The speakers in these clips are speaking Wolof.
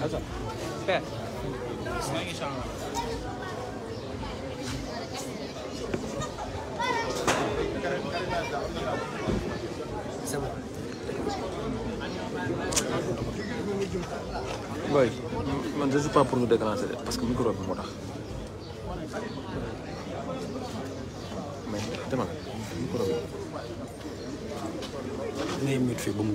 Hazır. Be. Hangi şanlı? Boy, man je suis pas pour nous déclencher parce que micro bi moo tax. mais demal micro bi. ngay mute fii ba mu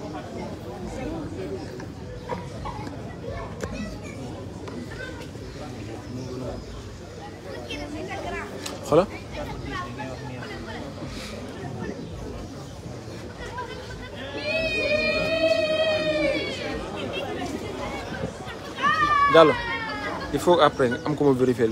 xoolal Diallo il faut après am ko ma vérifier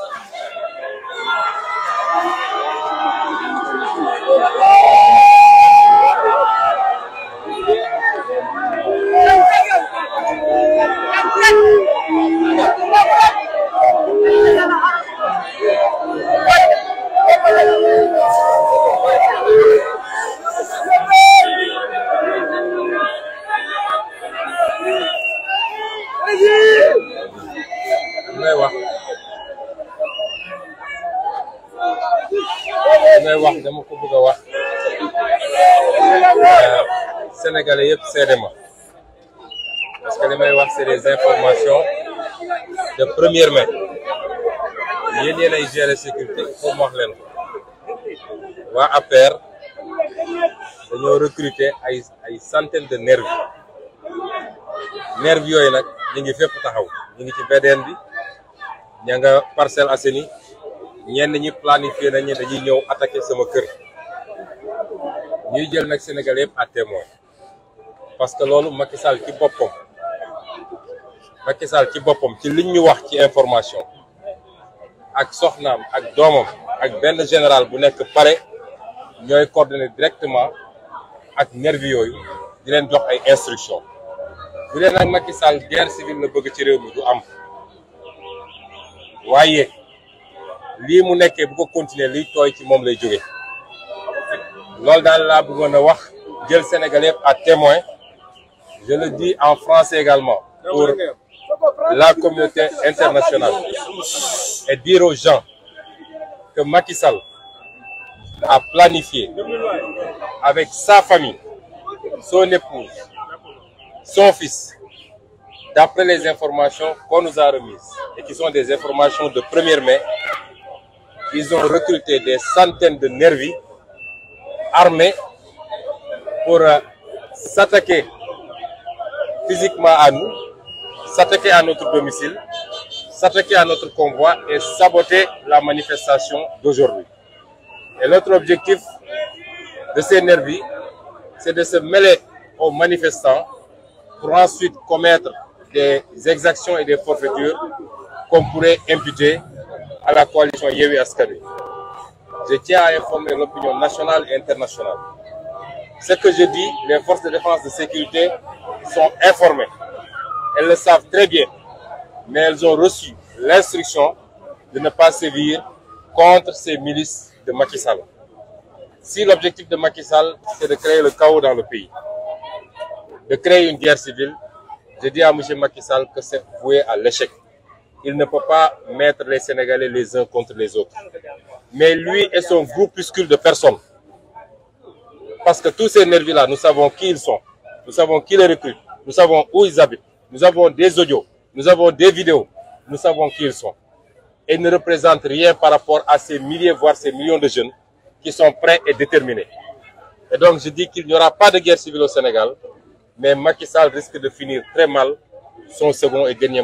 may wax dama ko bëgg a wax euh, sénégalais yëpp seede ma parce que damay may wax c'est des informations de première main yéen yéen ay gérer sécurité foofu wax leen ko waa APR dañoo recruter ay ay de nervis nervis yooyu nag ñu ngi fépp taxaw ñu ngi ci VDN bi ña nga Parcelles Assainies ñenn ñi planifié nañu dañuy ñëw attaqué sama kër ñuy jël nag Sénégalais yëpp à témoin parce que loolu Macky Sall ci boppam Macky Sall ci boppam ci liñ ñu wax ci information ak soxnaam ak doomam ak benn général bu nekk pare ñooy coordonné directement ak nervi yooyu di leen jox ay instructions bu dee nag Macky Sall guerre civile bëgg ci réew mi du am waaye. lii mu nekkee bu ko continuer liy tooy ci moom lay jóge loolu daal laa bëggoon a wax jël Sénégal à témoin je le dis en français également pour la communauté internationale et dire que Macky a planifié avec sa famille, son épouse, son fils, d'après les informations qu'on nous a remises et qui sont des informations de première er mai, ils ont recruté des centaines de nervis armés pour euh, s'attaquer physiquement à nous, s'attaquer à notre domicile, s'attaquer à notre convoi et saboter la manifestation d'aujourd'hui. Et l'autre objectif de ces nervis, c'est de se mêler aux manifestants pour ensuite commettre des exactions et des forfaitures qu'on pourrait imputer à la coalition Yewwi Askan Wi je tiens à informer l'opinion nationale et internationale ce que je dis les forces de défense de sécurité sont informées elles le savent très bien mais elles ont reçu l'instruction de ne pas sévir contre ces milices de Macky Sall si l'objectif de Macky Sall c'est de créer le chaos dans le pays de créer une guerre civile je dis à monsieur Macky que c'est voué à l'échec il ne peut pas mettre les Sénégalais les uns contre les autres. Mais lui et son groupuscule de personnes, parce que tous ces nervis-là, nous savons qui ils sont, nous savons qui les recrutent, nous savons où ils habitent, nous avons des audios, nous avons des vidéos, nous savons qui ils sont. Et ils ne représentent rien par rapport à ces milliers, voire ces millions de jeunes qui sont prêts et déterminés. donc je dis qu'il n'y aura pas de guerre civile au Sénégal, mais Macky Sall de finir mal son second et dernier